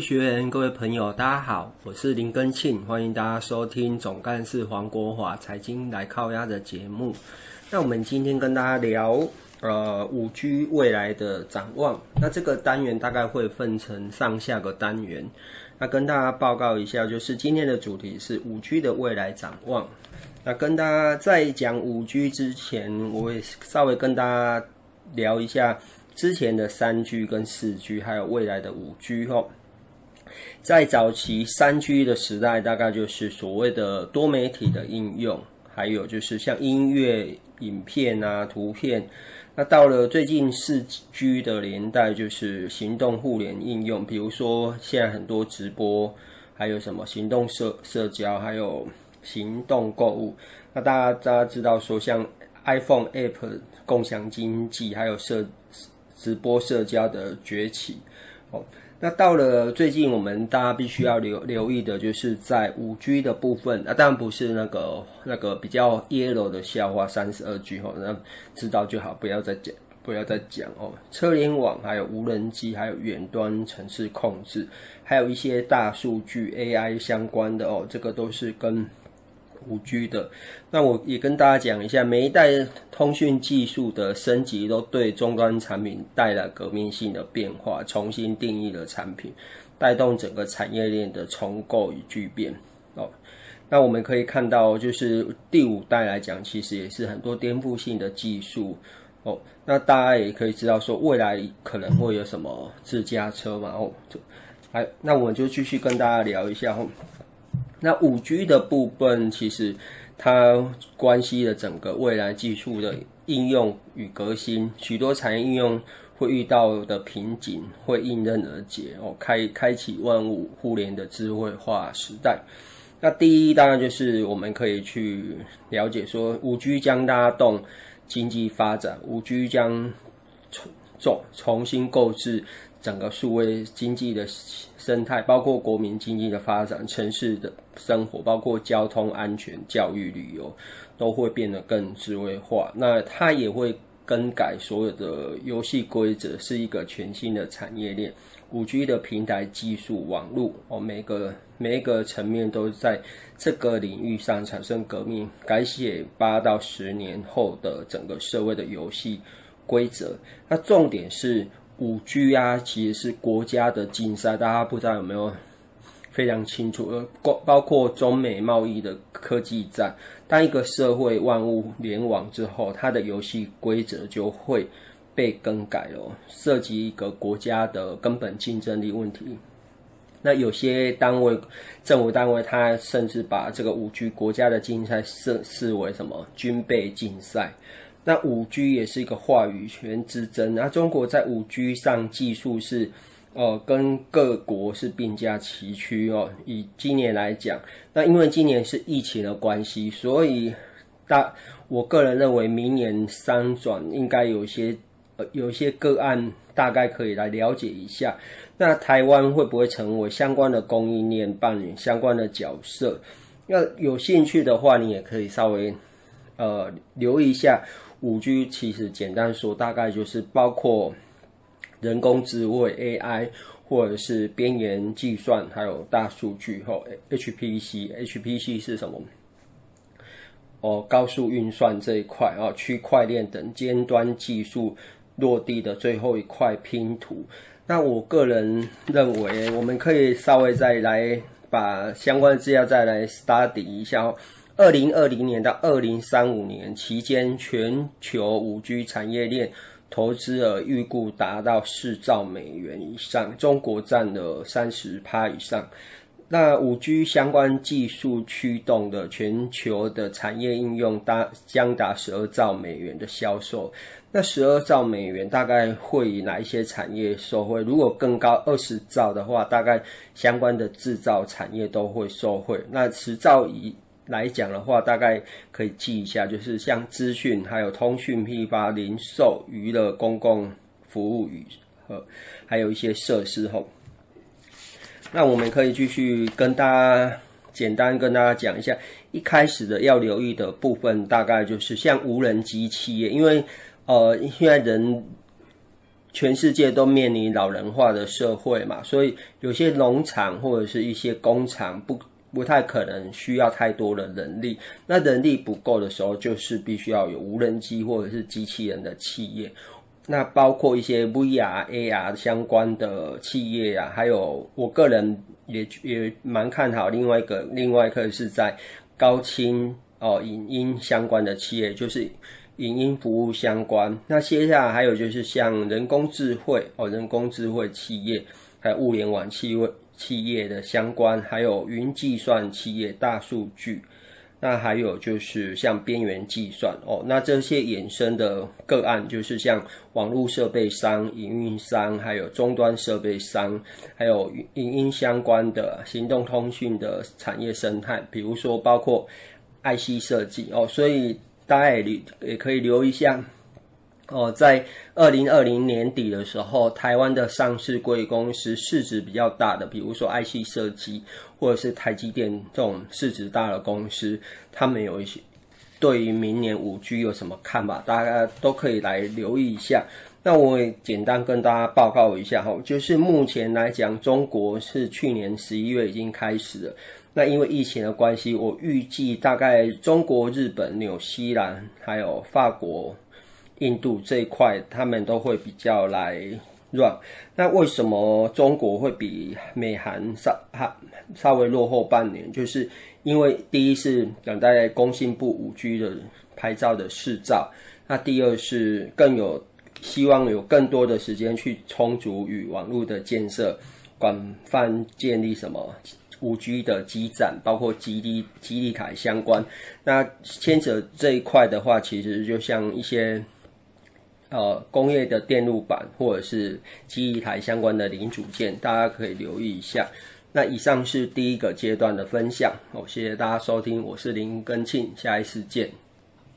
學員、各位朋友，大家好，我是林根慶，歡迎大家收聽總幹事黃國華財經來靠押的節目。那我們今天跟大家聊，呃，五 G 未來的展望。那這個單元大概會分成上下個單元。那跟大家報告一下，就是今天的主題是五 G 的未來展望。那跟大家在講五 G 之前，我會稍微跟大家聊一下之前的三 G 跟四 G，還有未來的五 G 哦。在早期三 G 的時代，大概就是所謂的多媒體的應用，還有就是像音樂、影片啊、圖片。那到了最近四 G 的年代，就是行動互聯應用，比如說現在很多直播，還有什麼行動社社交，還有行動購物。那大家大家知道說，像 iPhone App、共享經濟，還有社直播社交的崛起，哦。那到了最近，我們大家必須要留留意的，就是在五 G 的部分。那、啊、當然不是那個那個比較 yellow 的笑話，三十二 G 哦，那知道就好，不要再講，不要再講哦。車聯網，還有無人機，還有遠端城市控制，還有一些大數據 AI 相關的哦，這個都是跟。5G 的，那我也跟大家講一下，每一代通訊技術的升級都對終端產品帶來革命性的變化，重新定義了產品，帶動整個產業鏈的重構與巨變。哦，那我們可以看到，就是第五代來講，其實也是很多顛覆性的技術。哦，那大家也可以知道說，未來可能會有什麼自駕車嘛？哦，就，哎，那我們就繼續跟大家聊一下哦。那五 G 的部分，其實它關係了整個未來技術的應用與革新，許多產業應用會遇到的瓶頸會迎刃而解哦，開開啟萬物互聯的智慧化時代。那第一，當然就是我們可以去了解說，五 G 將拉動經濟發展，五 G 將重重，重新購置。整個數位經濟的生態，包括國民經濟的發展、城市的生活，包括交通安全、教育、旅遊，都會變得更智慧化。那它也會更改所有的遊戲規則，是一個全新的產業鏈、5G 的平台、技術、網絡，哦，每個每一個層面都在這個領域上產生革命，改寫八到十年後的整個社會的遊戲規則。那重點是。五 G 啊，其實是國家的競賽，大家不知道有沒有非常清楚？呃，包包括中美貿易的科技戰。當一個社會萬物聯網之後，它的遊戲規則就會被更改了，涉及一個國家的根本競爭力問題。那有些單位、政府單位，它甚至把這個五 G 國家的競賽視視為什麼？軍備競賽。那五 G 也是一個話語權之爭，那中國在五 G 上技術是，呃，跟各國是並駕齊驅哦。以今年來講，那因為今年是疫情的關係，所以大我個人認為明年商轉應該有些呃有些個案，大概可以來了解一下。那台灣會不會成為相關的供應鏈扮演相關的角色？那有興趣的話，你也可以稍微呃留意一下。5G 其實簡單說，大概就是包括人工智慧 AI，或者是邊緣計算，還有大數據吼，HPC，HPC 是什麼？哦，高速運算這一塊啊，區塊鏈等尖端技術落地的最後一塊拼圖。那我個人認為，我們可以稍微再來把相關資料再來 study 一下二零二零年到二零三五年期間，全球五 G 產業鏈投資額預估達到四兆美元以上，中國佔了三十趴以上。那五 G 相關技術驅動的全球的產業應用，大將達十二兆美元的銷售。那十二兆美元大概會哪一些產業受惠？如果更高二十兆的話，大概相關的製造產業都會受惠。那十兆以來講的話，大概可以記一下，就是像資訊、還有通訊、批發、零售、娛樂、公共服務與和，還有一些設施後。那我們可以繼續跟大家簡單跟大家講一下，一開始的要留意的部分，大概就是像無人機企業，因為呃現在人全世界都面臨老人化的社會嘛，所以有些農場或者是一些工廠不。不太可能需要太多的人力，那人力不夠的時候，就是必須要有無人機或者是機器人的企業，那包括一些 VR、AR 相關的企業啊，還有我個人也也蠻看好另外一個，另外一個是在高清哦影音相關的企業，就是影音服務相關。那接下來還有就是像人工智慧哦，人工智慧企業，還有物聯網企業。企業的相關，還有雲計算企業、大數據，那還有就是像邊緣計算哦，那這些衍生的個案，就是像網絡設備商、營運商，還有終端設備商，還有語音相關的行動通訊的產業生態，比如說包括 IC 設計哦，所以大家你也可以留意一下。哦，在二零二零年底的時候，台灣的上市櫃公司市值比較大的，比如說 IC 設計或者是台積電這種市值大的公司，他們有一些對於明年五 G 有什麼看法，大家都可以來留意一下。那我也簡單跟大家報告一下哈，就是目前來講，中國是去年十一月已經開始了，那因為疫情的關係，我預計大概中國、日本、紐西蘭還有法國。印度這一塊，他們都會比較來 run 那為什麼中國會比美韓稍、哈，稍微落後半年？就是因為第一是等待工信部五 G 的牌照的試照，那第二是更有希望有更多的時間去充足與網絡的建設，廣泛建立什麼五 G 的基站，包括基底、基底凱相關。那牽扯這一塊的話，其實就像一些。呃，工業的電路板或者是機台相關的零組件，大家可以留意一下。那以上是第一個階段的分享哦，謝謝大家收聽，我是林根慶，下一次見。